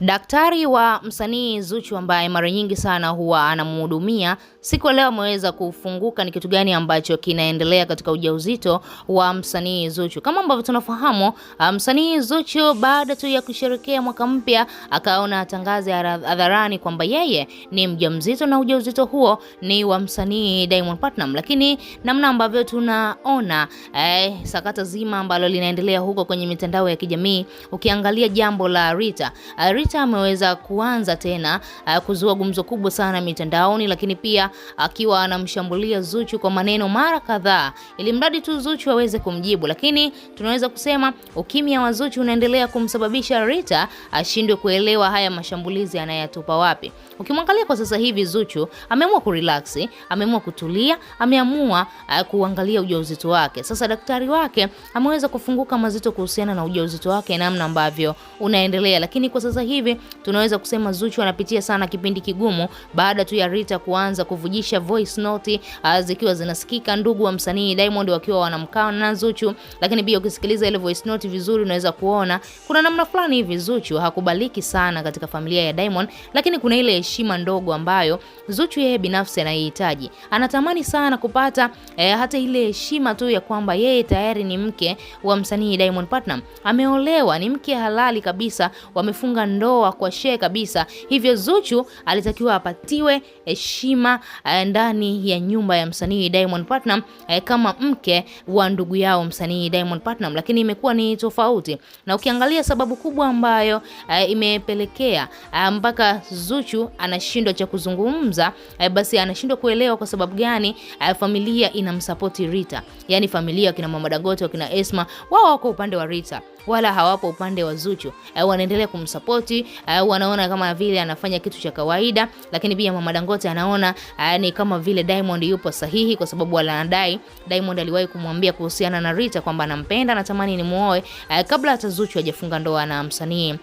Daktari wa msanii Zuchu ambaye mara nyingi sana huwa anamhudumia, siku leo ameweza kufunguka ni kitu gani ambacho kinaendelea katika ujauzito wa msanii Zuchu. Kama ambavyo tunafahamu, ah, msanii Zuchu baada tu ya kusherekea mwaka mpya akaona tangazo hadharani kwamba yeye ni mjamzito na ujauzito huo ni wa msanii Diamond Platinum. lakini namna ambavyo tunaona eh, sakata zima ambalo linaendelea huko kwenye mitandao ya kijamii, ukiangalia jambo la Rita, ah, Rita Twitter ameweza kuanza tena uh, kuzua gumzo kubwa sana mitandaoni, lakini pia akiwa anamshambulia Zuchu kwa maneno mara kadhaa, ili mradi tu Zuchu aweze kumjibu. Lakini tunaweza kusema ukimya wa Zuchu unaendelea kumsababisha Rita ashindwe kuelewa haya mashambulizi anayatupa wapi. Ukimwangalia kwa sasa hivi, Zuchu ameamua kurelax, ameamua kutulia, ameamua uh, kuangalia ujauzito wake. Sasa daktari wake ameweza kufunguka mazito kuhusiana na ujauzito wake, namna ambavyo unaendelea, lakini kwa sasa hivi hivi tunaweza kusema Zuchu anapitia sana kipindi kigumu baada tu ya Rita kuanza kuvujisha voice note ah, zikiwa zinasikika, ndugu wa msanii Diamond wakiwa wanamkaa na Zuchu. Lakini pia ukisikiliza ile voice note vizuri, unaweza kuona kuna namna fulani hivi Zuchu hakubaliki sana katika familia ya Diamond, lakini kuna ile heshima ndogo ambayo Zuchu yeye binafsi anaihitaji. Anatamani sana kupata eh, hata ile heshima tu ya kwamba yeye tayari ni mke wa msanii Diamond Platnumz, ameolewa, ni mke halali kabisa, wamefunga ndoa ndoa kwa shehe kabisa. Hivyo Zuchu alitakiwa apatiwe heshima eh, ndani ya nyumba ya msanii Diamond Platnumz eh, kama mke wa ndugu yao msanii Diamond Platinum, lakini imekuwa ni tofauti, na ukiangalia sababu kubwa ambayo eh, imepelekea mpaka Zuchu anashindwa cha kuzungumza, basi anashindwa kuelewa kwa sababu gani familia inamsapoti Rita, yani familia wakina mama Dangote wakina Esma wao wako upande wa Rita wala hawapo upande wa Zuchu, eh, wanaendelea kumsapoti, eh, wanaona kama vile anafanya kitu cha kawaida, lakini pia Mama Dangote anaona eh, ni kama vile Diamond yupo sahihi, kwa sababu anadai Diamond aliwahi kumwambia kuhusiana na Rita kwamba anampenda, anatamani ni muoe kabla hata Zuchu hajafunga ndoa na msanii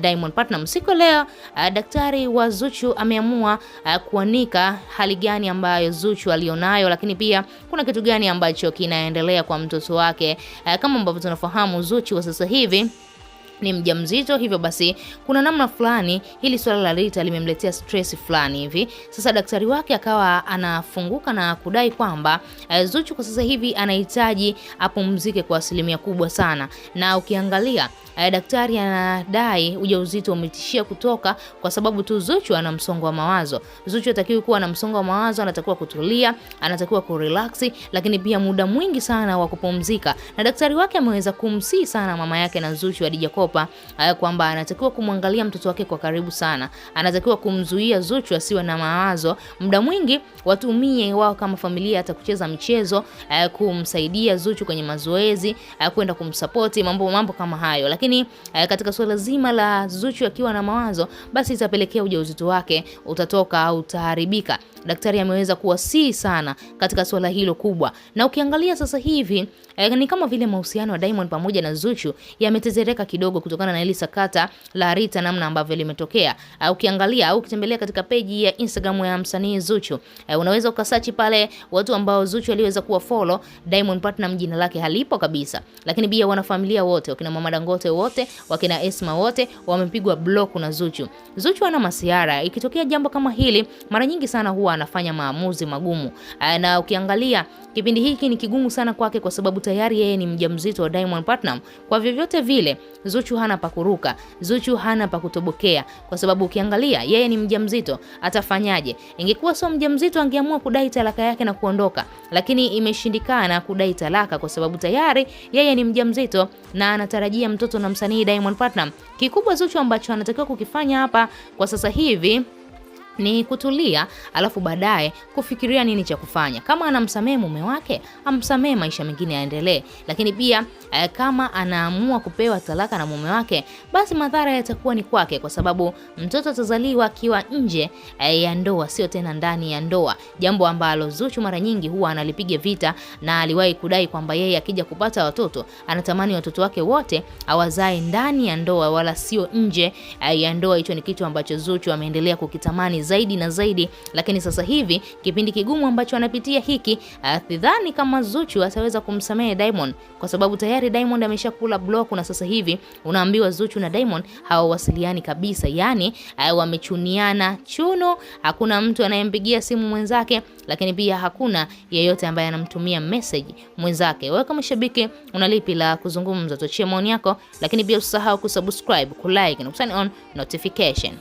Diamond Platnumz. Siku leo daktari wa Zuchu ameamua kuanika hali gani ambayo Zuchu alionayo, lakini pia kuna kitu gani ambacho kinaendelea kwa mtoto wake. Kama ambavyo tunafahamu Zuchu wa sasa sasa hivi ni mjamzito, hivyo basi kuna namna fulani hili swala la Rita limemletea stress fulani hivi. Sasa daktari wake akawa anafunguka na kudai kwamba eh, Zuchu kwa sasa hivi anahitaji apumzike kwa asilimia kubwa sana, na ukiangalia eh, daktari anadai ujauzito umetishia kutoka kwa sababu tu Zuchu ana msongo wa mawazo. Zuchu atakiwa kuwa na msongo wa mawazo, anatakiwa kutulia, anatakiwa kurelax, lakini pia muda mwingi sana wa kupumzika. Na daktari wake ameweza kumsii sana mama yake na Zuchu Adija Kopa eh, kwamba anatakiwa kumwangalia mtoto wake kwa karibu sana, anatakiwa kumzuia Zuchu asiwe na mawazo muda mwingi, watumie wao kama familia, hata kucheza mchezo eh, kumsaidia Zuchu kwenye mazoezi eh, kwenda kumsapoti mambo mambo kama hayo lakini lakini eh, katika suala zima la Zuchu akiwa na mawazo, basi itapelekea ujauzito wake utatoka au utaharibika daktari ameweza kuwa si sana katika suala hilo kubwa, na ukiangalia sasa hivi eh, ni kama vile mahusiano ya Diamond pamoja na Zuchu yametezereka kidogo kutokana na ile sakata la Rita, namna ambavyo limetokea. Uh, ukiangalia au uh, ukitembelea katika peji ya Instagram ya msanii Zuchu uh, unaweza ukasachi pale watu ambao Zuchu aliweza kuwa follow Diamond Platinum, jina lake halipo kabisa, lakini pia wanafamilia wote wakina mama Dangote wote wakina Esma wote wamepigwa block na Zuchu. Zuchu ana masiara, ikitokea jambo kama hili mara nyingi sana huwa anafanya maamuzi magumu. Eh, na ukiangalia kipindi hiki ni kigumu sana kwake kwa sababu tayari yeye ni mjamzito wa Diamond Platinum. Kwa vyovyote vile, Zuchu hana pa kuruka, Zuchu hana pa kutobokea kwa sababu ukiangalia yeye ni mjamzito, atafanyaje? Ingekuwa sio mjamzito angeamua kudai talaka yake na kuondoka, lakini imeshindikana kudai talaka kwa sababu tayari yeye ni mjamzito na anatarajia mtoto na msanii Diamond Platinum. Kikubwa Zuchu ambacho anatakiwa kukifanya hapa kwa sasa hivi ni kutulia alafu baadaye kufikiria nini cha kufanya. Kama anamsamehe mume wake, amsamehe, maisha mengine yaendelee. Lakini pia eh, kama anaamua kupewa talaka na mume wake, basi madhara yatakuwa ni kwake, kwa sababu mtoto atazaliwa akiwa nje eh, ya ndoa, sio tena ndani ya ndoa, jambo ambalo Zuchu mara nyingi huwa analipiga vita, na aliwahi kudai kwamba yeye akija kupata watoto anatamani watoto wake wote awazae ndani ya ndoa, wala sio nje eh, ya ndoa. Hicho ni kitu ambacho Zuchu ameendelea kukitamani zaidi na zaidi, lakini sasa hivi kipindi kigumu ambacho anapitia hiki, ah, sidhani kama Zuchu ataweza kumsamehe Diamond kwa sababu tayari Diamond ameshakula block, na sasa hivi unaambiwa Zuchu na Diamond hawawasiliani kabisa, yani ah, wamechuniana chuno, hakuna mtu anayempigia simu mwenzake, lakini pia hakuna yeyote ambaye anamtumia message mwenzake. Wewe kama shabiki una lipi la kuzungumza? Tuachie maoni yako, lakini pia usisahau kusubscribe, kulike na kusani on notification.